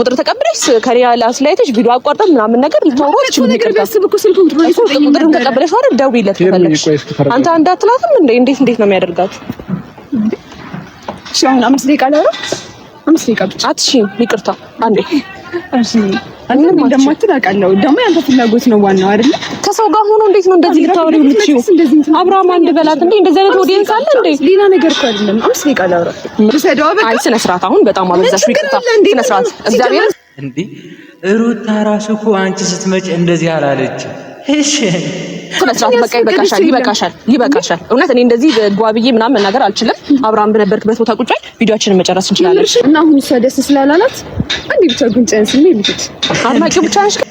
ቁጥር ተቀብለሽ ከሪያል አስላይተሽ ቪዲዮ አቋርጠን ምናምን ነገር ልታወራች ምን ቁጥሩን ተቀብለሽ አይደል ደውይለት ከፈለግሽ አንተ አንድ አትላትም እንዴ? እንዴት እንዴት ነው የሚያደርጋት እሺ አምስት ደቂቃ ላውራ አምስት ደቂቃ ብቻ አትሺ ይቅርታ አንዴ እሺ አንተ እንደማትል አውቃለሁ። ደግሞ ያንተ ፍላጎት ነው ዋናው አይደለ? ከሰው ጋር ሆኖ እንዴት ነው እንደዚህ ልታወሪው ልትዩ? አብርሃም አንድ በላት እንዴ! እንደዚህ አይነት ኦዲየንስ አለ እንዴ? ሌላ ነገር እኮ አይደለም። አምስት ደቂቃ ላውራ። አይ ስነ ስርዓት፣ አሁን በጣም አበዛሽ። ይቅርታ፣ ስነ ስርዓት። እግዚአብሔር እንዴ! ሩታ ራሱ እኮ አንቺ ስትመጪ እንደዚህ አላለችም። እሺ ስነስርዓት ይበቃሻል፣ እውነት እኔ እንደዚህ ጓብዬ ምናምን መናገር አልችልም። አብርሃም በነበርክበት ቦታ ቁጭ በል፣ ቪዲዮአችንን መጨረስ እንችላለን። እና አሁን እሷ ደስ ስላላላት አንዴ ብቻ ጉንጫን ስሜ ልጅት አድማቂው ብቻ ነሽ።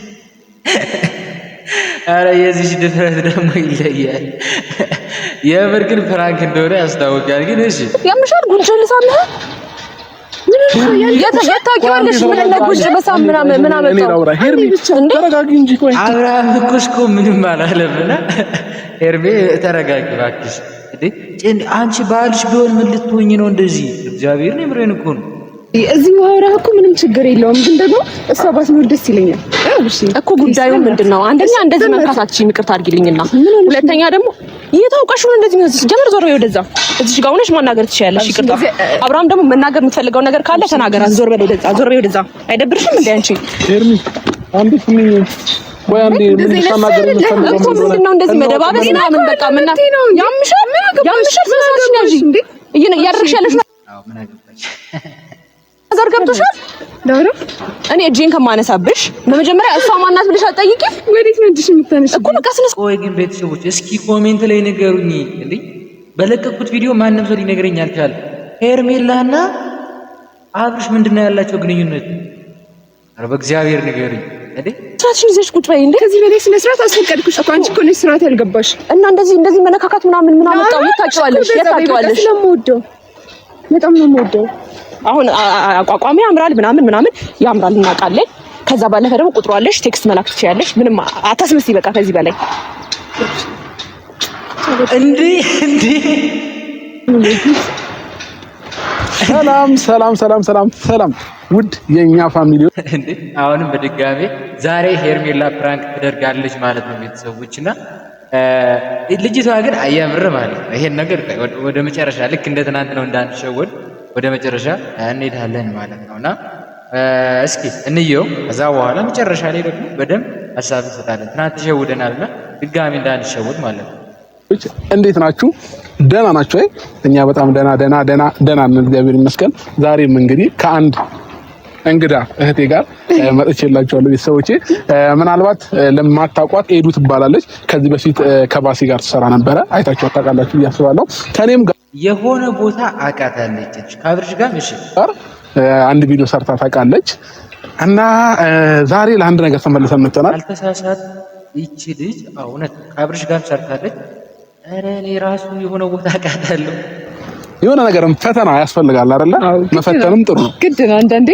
አረ የዚህ ድፍረት ደግሞ ይለያል። የምር ግን ፍራንክ እንደሆነ ያስታውቃል። ግን እሺ ያምሻል፣ ጉንጭን ልሳምህ የታውቂዋለሽ ምን ምንም አንቺ ባልሽ ቢሆን ምን ልትሆኝ ነው እንደዚህ እግዚአብሔር ነው ምሬን እኮ ነው እዚህ ማውራት እኮ ምንም ችግር የለውም፣ ግን ደግሞ እሷ ባትኖር ደስ ይለኛል እኮ ጉዳዩ ምንድን ነው? አንደኛ እንደዚህ መንካታችን ይቅርታ አድርጊልኝና ሁለተኛ ደግሞ እየታወቀሽ ነው እንደዚህ የሚያዝሽ። ጀምር ዞር በይ ወደዛ። እዚህ ጋር ሆነሽ ማናገር ትችያለሽ። ይቅርታ አብርሃም፣ ደግሞ መናገር የምትፈልገው ነገር ካለ ተናገራት። ዞር በይ ወደዛ፣ ዞር በይ ወደዛ። አይደብርሽም እንደ አንቺ? ኤርሚ አንዴ ስሚኝ ወይ ምን ነው? እንደዚህ በቃ ምን ምን አገባሽ እንዴ? ያለሽ ነው ዘር ገብቶሻል። ዳሩ እኔ እጄን ከማነሳብሽ በመጀመሪያ እሷ ማናት ብለሽ አጠይቂ። ወዴት ነው ነድሽ የምታነሽ እኮ በቃ ስነስ ወይ ግን ቤተሰቦች እስኪ ኮሜንት ላይ ንገሩኝ። እንዴ በለቀኩት ቪዲዮ ማንም ሰው ሊነግረኝ አልቻለም። ሄርሜላና አብርሽ ምንድነው ነው ያላቸው ግንኙነት? አረ በእግዚአብሔር ንገሩኝ። እንዴ ስራሽን ይዘሽ ቁጭ በይ። እንዴ ከዚህ በላይ ስነ ስርዓት አስፈቀድኩሽ እኮ አንቺ እኮ ነሽ ስርዓት ያልገባሽ እና እንደዚህ እንደዚህ መነካካት ምናምን ምናምን አመጣው? የት ታውቂዋለሽ? የት ታውቂዋለሽ? ስለምወደው በጣም ነው የምወደው አሁን አቋቋሚ ያምራል ምናምን ምናምን ያምራል፣ እናውቃለን። ከዛ ባለፈ ደግሞ ቁጥሩ አለሽ፣ ቴክስት መላክ ትችያለሽ። ምንም አታስመስ። ይበቃ ከዚህ በላይ እንዴ! እንዴ! ሰላም ሰላም ሰላም ሰላም ሰላም፣ ውድ የኛ ፋሚሊ፣ አሁንም በድጋሜ ዛሬ ሄርሜላ ፕራንክ ትደርጋለች ማለት ነው ቤተሰቦችና ልጅቷ ግን አያምር ማለት ነው። ይሄን ነገር ወደ መጨረሻ ልክ እንደ ትናንት ነው እንዳንሸወድ ወደ መጨረሻ እንሄዳለን ማለት ነው እና እስኪ እንየው። ከዛ በኋላ መጨረሻ ላይ ደግሞ በደንብ ሀሳብ እንሰጣለን። ትናንት ተሸውደናልና ድጋሚ እንዳንሸውድ ማለት ነው። እንዴት ናችሁ? ደና ናችሁ ወይ? እኛ በጣም ደና ደና ደና ደና ነን፣ እግዚአብሔር ይመስገን። ዛሬም እንግዲህ ከአንድ እንግዳ እህቴ ጋር መጥቼላችኋለሁ ቤተሰቦቼ። ምናልባት ለማታውቋት ኤዱ ትባላለች። ከዚህ በፊት ከባሲ ጋር ትሰራ ነበረ፣ አይታችሁ ታውቃላችሁ ብዬ አስባለሁ። ከኔም የሆነ ቦታ አውቃታለች። ከአብርሽ ጋር ምሽ አንድ ቪዲዮ ሰርታ ታውቃለች። እና ዛሬ ለአንድ ነገር ተመልሰን መጥተናል። አልተሳሳት ይቺ ልጅ እውነት ከአብርሽ ጋር ሰርታለች። ኧረ እኔ ራሱ የሆነ ቦታ አውቃታለሁ። የሆነ ነገርም ፈተና ያስፈልጋል አይደለ? መፈተንም ጥሩ ነው፣ ግድ ነው አንዳንዴ።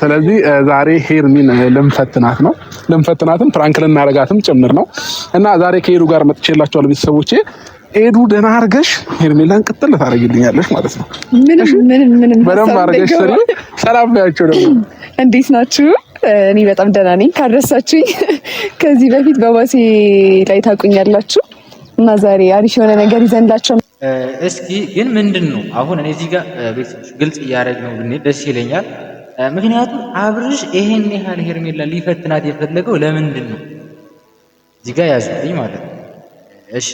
ስለዚህ ዛሬ ሄርሚን ልንፈትናት ነው። ልንፈትናትም ፕራንክ ልናረጋትም ጭምር ነው እና ዛሬ ከሄዱ ጋር መጥቼላችኋል ቤተሰቦቼ ኤዱ ደህና አድርገሽ ሄርሜላን ቅጥል ታደርግልኛለሽ ማለት ነው። ምንም ምንም ምንም በደንብ አድርገሽ ስሪ። ሰላም ናቸው ደግሞ እንዴት ናችሁ? እኔ በጣም ደህና ነኝ። ካረሳችሁኝ ከዚህ በፊት በባሴ ላይ ታውቁኛላችሁ እና ዛሬ አሪፍ የሆነ ነገር ይዘንላቸው እስኪ ግን ምንድን ነው አሁን እኔ እዚህ ጋር ቤተሰቦች ግልጽ እያደረግ ነው ብንሄድ ደስ ይለኛል። ምክንያቱም አብርሽ ይሄን ያህል ሄርሜላ ሊፈትናት የፈለገው ለምንድን ነው? እዚህ ጋር ያዙልኝ ማለት ነው። እሺ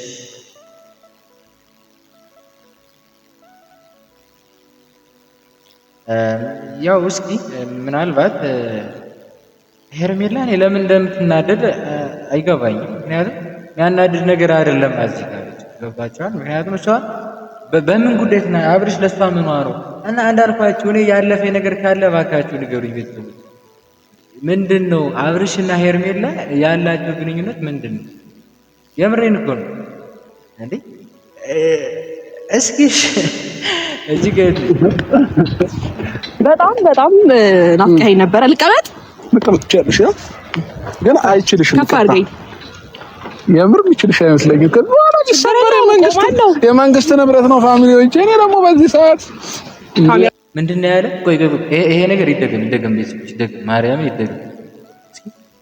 ያው እስኪ ምናልባት ሄርሜላ እኔ ለምን እንደምትናደድ አይገባኝም። ምክንያቱም የሚያናድድ ነገር አይደለም አዚህ ጋር ገባቸዋል። ምክንያቱም እሷ በምን ጉዳይ ትና አብርሽ ለእሷ ምኗ ነው? እና እንዳልኳቸው እኔ ያለፈ ነገር ካለ እባካችሁ ንገሩኝ። ቤት ምንድን ነው አብርሽ እና ሄርሜላ ያላቸው ግንኙነት ምንድን ነው? የምሬን እኮ ነው እንዴ እስኪ በጣም በጣም ናፍቀኸኝ ነበረ። ልቀመጥ መቀመጥቻለሽ፣ ግን አይችልሽም። ከፍ አድርገኝ። የምር የሚችልሽ አይመስለኝም። ከበኋላ ይሰበር። የመንግስት ንብረት ነው ፋሚሊዎች። እኔ ደግሞ በዚህ ሰዓት ምንድን ነው ያለ? ቆይ ይሄ ነገር ይደገም ይደገም ይደገም፣ ማርያም ይደገም።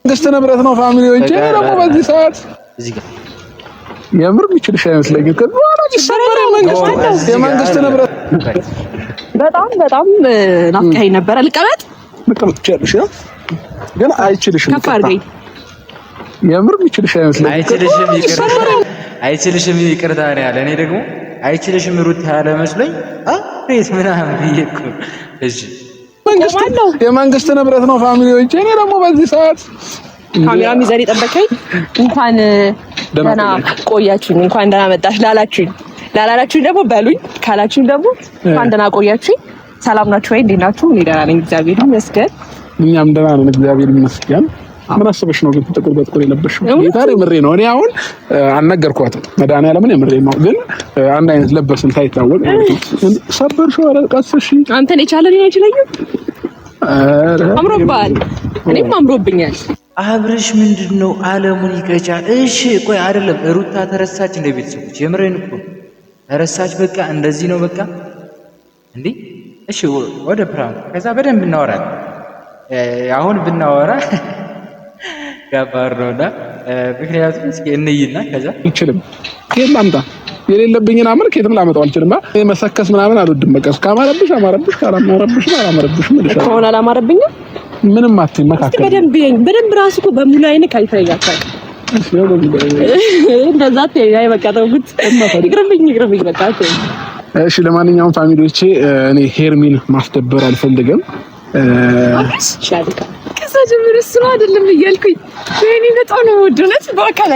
መንግስት ንብረት ነው ፋሚሊዎች። እኔ ደግሞ በዚህ ሰዓት እዚህ ጋር የምር የሚችልሽ አይመስለኝም። የመንግስት ንብረት በጣም በጣም ናፍቀኸኝ ነበረ። ልቀመጥ ልቀመጥ ግን አይችልሽም። ከፍ አድርገኝ። የምር የሚችልሽ አይመስለኝም። አይችልሽም ይቅርታ ነው ያለ። እኔ ደግሞ አይችልሽም ሩት ያለ መስሎኝ ምናምን እኮ እሺ፣ የመንግስት ንብረት ነው ፋሚሊዎቼ። እኔ ደግሞ በዚህ ሰዓት ካሜራ ሚዘር የጠበቀኝ እንኳን ደህና ቆያችሁኝ፣ እንኳን ደህና መጣሽ ላላችሁኝ ላላላችሁኝ ደግሞ በሉኝ ካላችሁኝ ደግሞ እንኳን ደህና ቆያችሁኝ። ሰላም ናችሁ ወይ? እንዴት ናችሁ? እኔ ደህና ነኝ፣ እግዚአብሔር ይመስገን። እኛም ደህና ነን፣ እግዚአብሔር ይመስገን። ምን አስበሽ ነው ግን ጥቁር በጥቁር የለበሽው? ጌታሪ ምሬ ነው። እኔ አሁን አልነገርኳትም መድኃኒዓለምን የምሬ ነው። ግን አንድ አይነት ለበስን ሳይታወቅ ሰበርሽው። ኧረ ቀስሽ አንተን የቻለ ሊሆን ይችላል። አምሮብሃል፣ እኔም አምሮብኛል። አብርሽ ምንድን ነው አለሙን ይቀጫል። እሺ ቆይ አይደለም ሩታ ተረሳች፣ እንደ ቤተሰቦች የምረን እኮ ተረሳች። በቃ እንደዚህ ነው በቃ እንዴ። እሺ ወደ ፕራንክ ከዛ በደንብ እናወራል። አሁን ብናወራ ያባር ነውና ምክንያቱም እስኪ እንይና ከዛ ይችልም ይሄን ላምጣ የሌለብኝን አምር የትም ላመጣው አልችልም። መሰከስ ምናምን አልወድም። በቃ ካማረብሽ አማረብሽ፣ ካላማረብሽ አላማረብሽ። ምን ይሻላል? አላማረብኝም ምንም አትመካከል። በደንብ በደንብ ራሱ እኮ በሙሉ አይነት አይታያታል። እንደዛ በቃ ተውኩት። ይቅርብኝ ይቅርብኝ በቃ እሺ ለማንኛውም ፋሚሊዎቼ እኔ ሄርሚን ማስደበር አልፈልግም። ከዛ ጀምሮ እሱ አይደለም እያልኩኝ ወይኔ በጣም ነው በአካል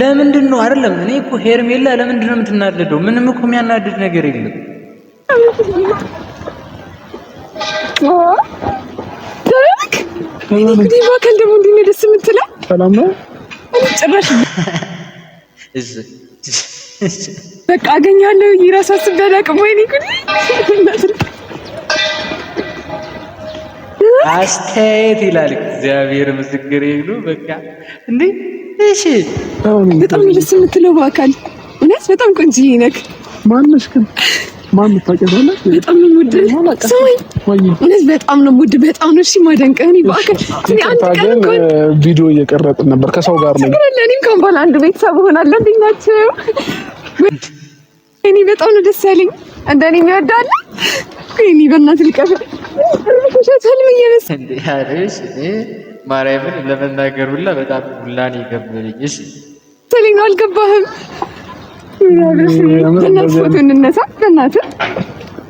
ለምንድን ነው አይደለም እኔ እኮ ሄርሜላ ለምንድን ነው የምትናደደው? ምንም እኮ የሚያናድድ ነገር የለም። ደስ የምትለው ሰላም ነው። ጭራሽ በቃ አገኛለሁ እራሱ አስቤያለሁ። ወይኔ አስተያየት ይላል እግዚአብሔር ምስክሬ ብሎ በቃ እንዴ! እሺ በጣም ደስ የምትለው በአካል እውነት በጣም ቆንጆ ነክ ማነሽ ግን በጣም ነው ሙድ በጣም ነው እሺ ማደንቀህ እኔ በአካል አንድ ቀን ቪዲዮ እየቀረጥን ነበር ከሰው ጋር ነው። እኔም ከም በኋላ አንድ ቤተሰብ እሆናለሁ። እንዴት ናቸው? እኔ በጣም ነው ደስ ያለኝ። እንደኔ የሚወዳለ እኔ በእናትህ ልቀፍ ሸት ህልም እየመሰለኝ ማርያምን ለመናገር ሁላ በጣም ሁላ ነው የገበለኝ። እሺ አልገባህም ፎቶ እንነሳ፣ በእናትህ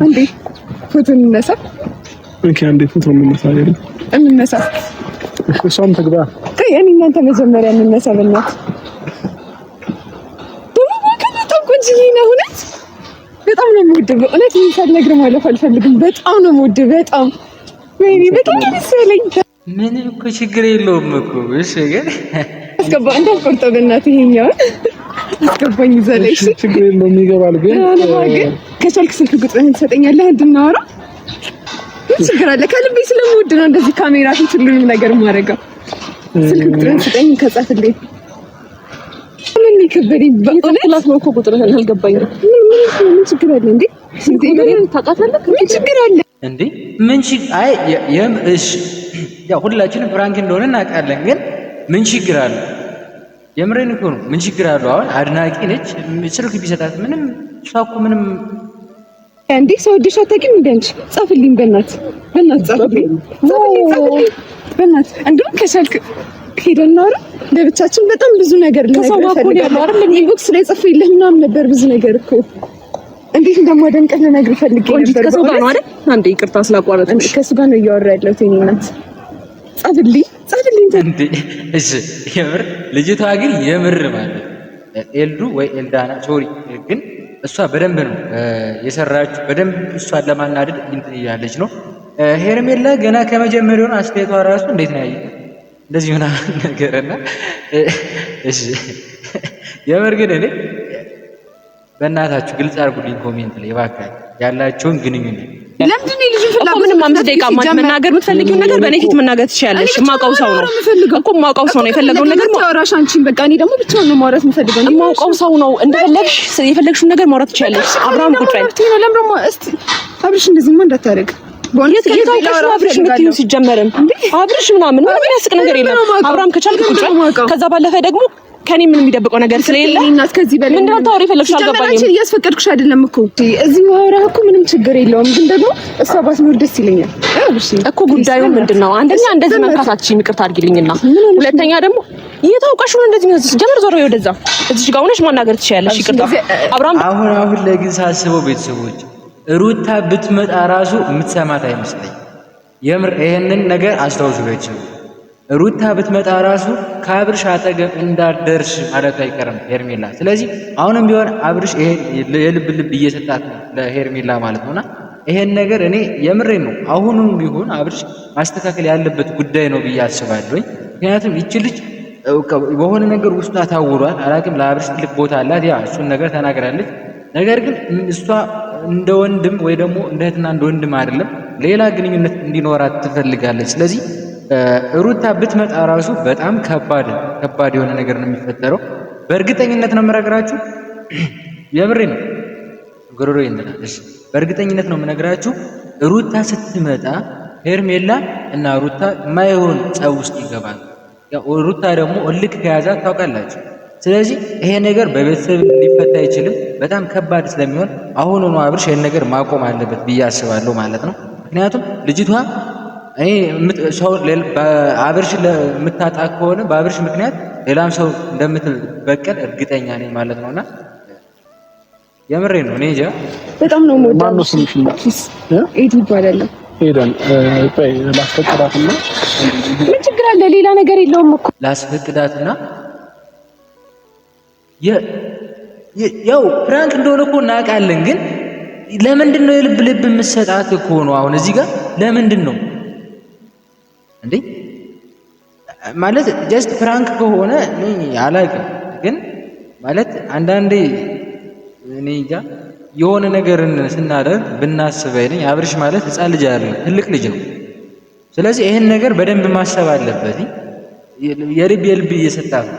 እንዴ! ፎቶ እንነሳ። ኦኬ፣ አንዴ ፎቶ እንነሳ። አይደል? እንነሳ። እሷም ትግባ። ቆይ እኔ እናንተ መጀመሪያ እንነሳ። በእናትህ በጣም ነው የምወደው። በእውነት ይሄን ሳልነግርህ ማለፍ አልፈልግም። በጣም ነው የምወደው። በጣም ወይኔ፣ በጣም ነው ደስ ያለኝ። ምንም እኮ ችግር የለውም እኮ እሺ፣ ግን አስገባ እንዳትቆርጠው በእናትህ ይሄኛውን አስገባኝ ዘለይ ችግር የለውም ይገባል። ግን ከቻልክ ስልክ ቁጥርህን ትሰጠኛለህ እንድናወራ። ምን ችግር አለ? ከልቤ ስለምወድ ነው እንደዚህ ካሜራ ፊት ሁሉንም ነገር ማድረገው። ስልክ ቁጥርህን ስጠኝ ከጻፍልኝ። ምን ይከበደኝ በእውነት ነው እኮ ቁጥርህን አልገባኝም። ምን ችግር አለ እንዴ? ታውቃታለህ? ምን ችግር አለ እንዴ? ምን ችግር አይ የም እሺ፣ ያው ሁላችንም ፍራንክ እንደሆነ እናውቃለን። ግን ምን ችግር አለ? የምሬን እኮ ነው። ምን ችግር አለው? አሁን አድናቂ ነች። ስልክ ቢሰጣት ምንም እሷ እኮ ምንም እንዴ ሰው ወደሽ አታውቂም እንደ አንቺ። ጻፍልኝ፣ በእናት በእናት ጻፍልኝ፣ በእናት እንደውም ከቻልክ ሄደን ነው ለብቻችን በጣም ብዙ ነገር ልነግርህ ኢንቦክስ ላይ ጽፌልህ ምናምን ነበር ብዙ ነገር እኮ እንዴት እንደማደንቀህ ልነግርህ ፈልጌ ነበር። ከሰው ጋር ነው አይደል? አንዴ ይቅርታ ስላቋረጥኩሽ። ከሱ ጋር ነው እያወራ ያለሁት የእኔ እናት ጻፍልኝ ጻፍልኝ እንዴ! እሺ የምር ልጅቷ ግን የምር ማለት ኤልዱ ወይ ኤልዳና ሶሪ፣ ግን እሷ በደንብ ነው የሰራችው። በደንብ እሷ ለማናደድ እንትን እያለች ነው። ሄርሜላ ገና ከመጀመሪያውን አስተያየቷ ራሱ እንዴት ነው ያየ እንደዚህ ሆና ነገርና፣ እሺ የምር ግን እኔ በእናታችሁ ግልጽ አድርጉልኝ ኮሜንት ላይ እባካችሁ ያላችሁን ግንኙነት ለምንድን ነው ልጅን ፍላጎት ምንም አምስት ደቂቃ ማለት መናገር የምትፈልጊውን ነገር በእኔ ፊት መናገር ትችያለሽ። የማውቀው ሰው ነው እኮ የማውቀው ሰው ነው የፈለገውን ነገር ማውራሽ አንቺን በቃ እኔ ደግሞ ብቻ ነው ማውራት የምፈልገው የማውቀው ሰው ነው። እንደፈለግሽ የፈለግሽውን ነገር ማውራት ትችያለሽ። አብርሃም ነው ለምን ደግሞ እስቲ አብርሽ እንደዚህማ እንዳታደርግ አብርሽ የምትይው ሲጀመርም አብርሽ ምናምን ምንም የሚያስቅ ነገር የለም። አብርሃም ከቻልክ ቁጭ በል። ከዛ ባለፈ ደግሞ ከኔ ምን የሚደብቀው ነገር ስለሌለ ምንድን ነው ታወሪ የፈለግሽው? አልገባኝም። እያስፈቀድኩሽ አይደለም እኮ እዚህ ማውራት እኮ ምንም ችግር የለውም፣ ግን ደግሞ እሷ ባትኖር ደስ ይለኛል እኮ። ጉዳዩ ምንድን ነው? አንደኛ እንደዚህ መንካታችን ይቅርታ አድርጊልኝና፣ ሁለተኛ ደግሞ እየታወቀሽ ነው እንደዚህ ነው። ጀመር ዞር ወደዛ፣ እዚህ ጋር ሆነሽ ማናገር ትችያለሽ። ይቅርታ አብራም። አሁን አሁን ላይ ግን ሳስበው ቤተሰቦች ሩታ ብትመጣ ራሱ የምትሰማት አይመስለኝ። የምር ይሄንን ነገር አስታውሱ። ሩታ ብትመጣ ራሱ ከአብርሽ አጠገብ እንዳደርሽ ማለቱ አይቀርም ሄርሜላ። ስለዚህ አሁንም ቢሆን አብርሽ የልብ ልብ እየሰጣት ነው ለሄርሜላ ማለት ነውና ይሄን ነገር እኔ የምሬ ነው አሁኑም ቢሆን አብርሽ ማስተካከል ያለበት ጉዳይ ነው ብዬ አስባለሁኝ። ምክንያቱም ይቺ ልጅ በሆነ ነገር ውስጧ ታውሯል። አላቅም ለአብርሽ ትልቅ ቦታ አላት፣ ያ እሱን ነገር ተናግራለች። ነገር ግን እሷ እንደ ወንድም ወይ ደግሞ እንደ እህትና እንደ ወንድም አይደለም ሌላ ግንኙነት እንዲኖራት ትፈልጋለች። ስለዚህ ሩታ ብትመጣ ራሱ በጣም ከባድ ከባድ የሆነ ነገር ነው የሚፈጠረው። በእርግጠኝነት ነው የምነግራችሁ፣ የምሬ ነው ጉሮሮ ይንደናለሽ። በእርግጠኝነት ነው የምነግራችሁ፣ ሩታ ስትመጣ ሄርሜላ እና ሩታ ማይሆን ጸብ ውስጥ ይገባል። ሩታ ደግሞ እልክ ከያዛ ታውቃላችሁ። ስለዚህ ይሄ ነገር በቤተሰብ ሊፈታ አይችልም። በጣም ከባድ ስለሚሆን አሁን ሆኖ አብርሽ ይሄን ነገር ማቆም አለበት ብዬ አስባለሁ ማለት ነው። ምክንያቱም ልጅቷ እኔ ሰው አብርሽን የምታጣ ከሆነ በአብርሽ ምክንያት ሌላም ሰው እንደምትበቀል እርግጠኛ ነኝ ማለት ነውና የምሬ ነው። እኔ እንጃ በጣም ነው ሞዳ ማን ምን ችግር አለ? ሌላ ነገር የለውም እኮ ላስፈቅዳትና ያው ፕራንክ እንደሆነ እኮ እናውቃለን፣ ግን ለምንድን ነው የልብ ልብ የምትሰጣት እኮ ነው አሁን እዚህ ጋር ለምንድን ነው እንዴ ማለት ጀስት ፕራንክ ከሆነ ነኝ አላውቅም፣ ግን ማለት አንዳንዴ እኔ ጋ የሆነ ነገርን ስናደርግ ብናስብ አይደል አብርሽ ማለት ህፃን ልጅ አይደለም፣ ትልቅ ልጅ ነው። ስለዚህ ይህን ነገር በደንብ ማሰብ አለበት። የልብ የልብ እየሰጣ ነው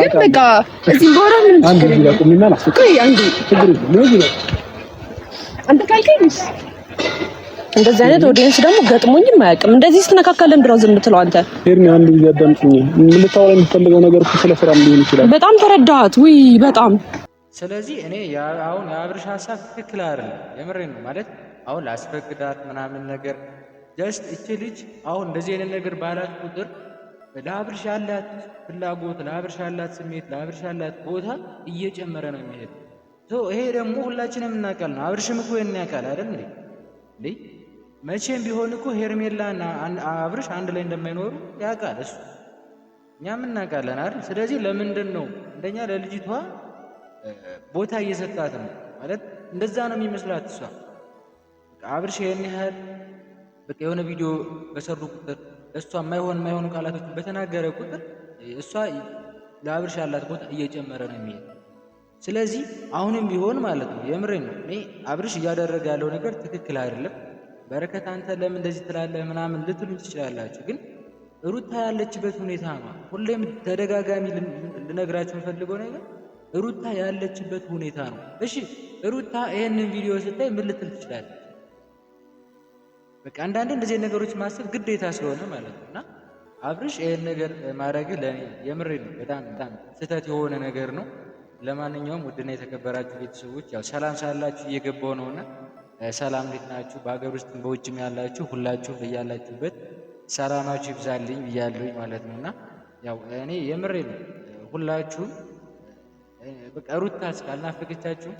ግን በቃ እዚህ ጎራ ምን ችግር የለም አንተ ካልከኝስ እንደዚህ አይነት ኦዲየንስ ደግሞ ገጥሞኝም አያውቅም። እንደዚህ ስትነካከል ምንድን ነው ዝም ብትለው አንተ? ሄርሚ አንድ ጊዜ አዳምጪኝ። ልታወራ የምትፈልገው ነገር እኮ ስለ ስራም ሊሆን ይችላል። በጣም ተረዳሃት? ውይ በጣም ስለዚህ እኔ አሁን የአብርሽ ሀሳብ ትክክል አይደለም። የምሬ ነው ማለት አሁን ላስፈቅዳት ምናምን ነገር ጀስት እቺ ልጅ አሁን እንደዚህ አይነት ነገር ባላት ቁጥር ለአብርሽ ያላት ፍላጎት፣ ለአብርሽ ያላት ስሜት፣ ለአብርሽ ያላት ቦታ እየጨመረ ነው የሚሄድ። ይሄ ደግሞ ሁላችንም እናውቃል ነው አብርሽም እኮ ያውቃል አይደል እንዴ? መቼም ቢሆን እኮ ሄርሜላና አብርሽ አንድ ላይ እንደማይኖሩ ያውቃል እሱ፣ እኛም እናውቃለን አይደል? ስለዚህ ለምንድን ነው እንደኛ ለልጅቷ ቦታ እየሰጣት ነው ማለት? እንደዛ ነው የሚመስላት እሷ። አብርሽ ይህን ያህል በቃ የሆነ ቪዲዮ በሰሩ ቁጥር እሷ የማይሆን የማይሆኑ ቃላቶችን በተናገረ ቁጥር እሷ ለአብርሽ ያላት ቦታ እየጨመረ ነው የሚሄድ። ስለዚህ አሁንም ቢሆን ማለት ነው የምሬ ነው እኔ አብርሽ እያደረገ ያለው ነገር ትክክል አይደለም። በረከት አንተ ለምን እንደዚህ ትላለህ ምናምን ልትሉ ትችላላችሁ። ግን ሩታ ያለችበት ሁኔታ ነው። ሁሌም ተደጋጋሚ ልነግራችሁ የምፈልገው ነገር ሩታ ያለችበት ሁኔታ ነው። እሺ ሩታ ይህንን ቪዲዮ ስታይ ምን ልትል ትችላለች? በቃ አንዳንዴ እንደዚህ ነገሮች ማሰብ ግዴታ ስለሆነ ማለት ነው። እና አብርሽ ይህን ነገር ማድረግ ለእኔ የምሬ ነው በጣም በጣም ስህተት የሆነ ነገር ነው። ለማንኛውም ውድና የተከበራችሁ ቤተሰቦች ያው ሰላም ሳላችሁ እየገባው ነውና ሰላም እንዴት ናችሁ? በሀገር ውስጥ በውጭም ያላችሁ ሁላችሁም በያላችሁበት ሰላማችሁ ይብዛልኝ ብያለሁኝ ማለት ነው። እና ያው እኔ የምሬ ነው። ሁላችሁም በቃ ሩታ እስካልናፈቀቻችሁ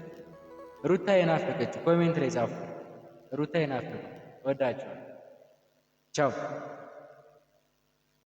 ሩታ የናፈቀችሁ ኮሜንት ላይ ጻፉ። ሩታ የናፈቀ ወዳችሁ ቻው።